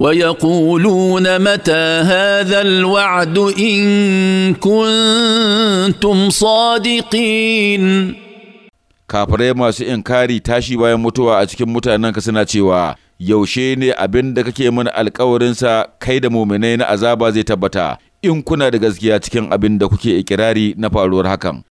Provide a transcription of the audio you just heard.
ويقولون متى هذا الوعد ان كنتم صادقين kafirai masu inkari tashi bayan mutuwa a cikin mutanenka suna cewa yaushe ne abin da kake mana alkawarinsa kai da muminai na azaba zai tabbata in kuna da gaskiya cikin abin da kuke ikirari na faruwar hakan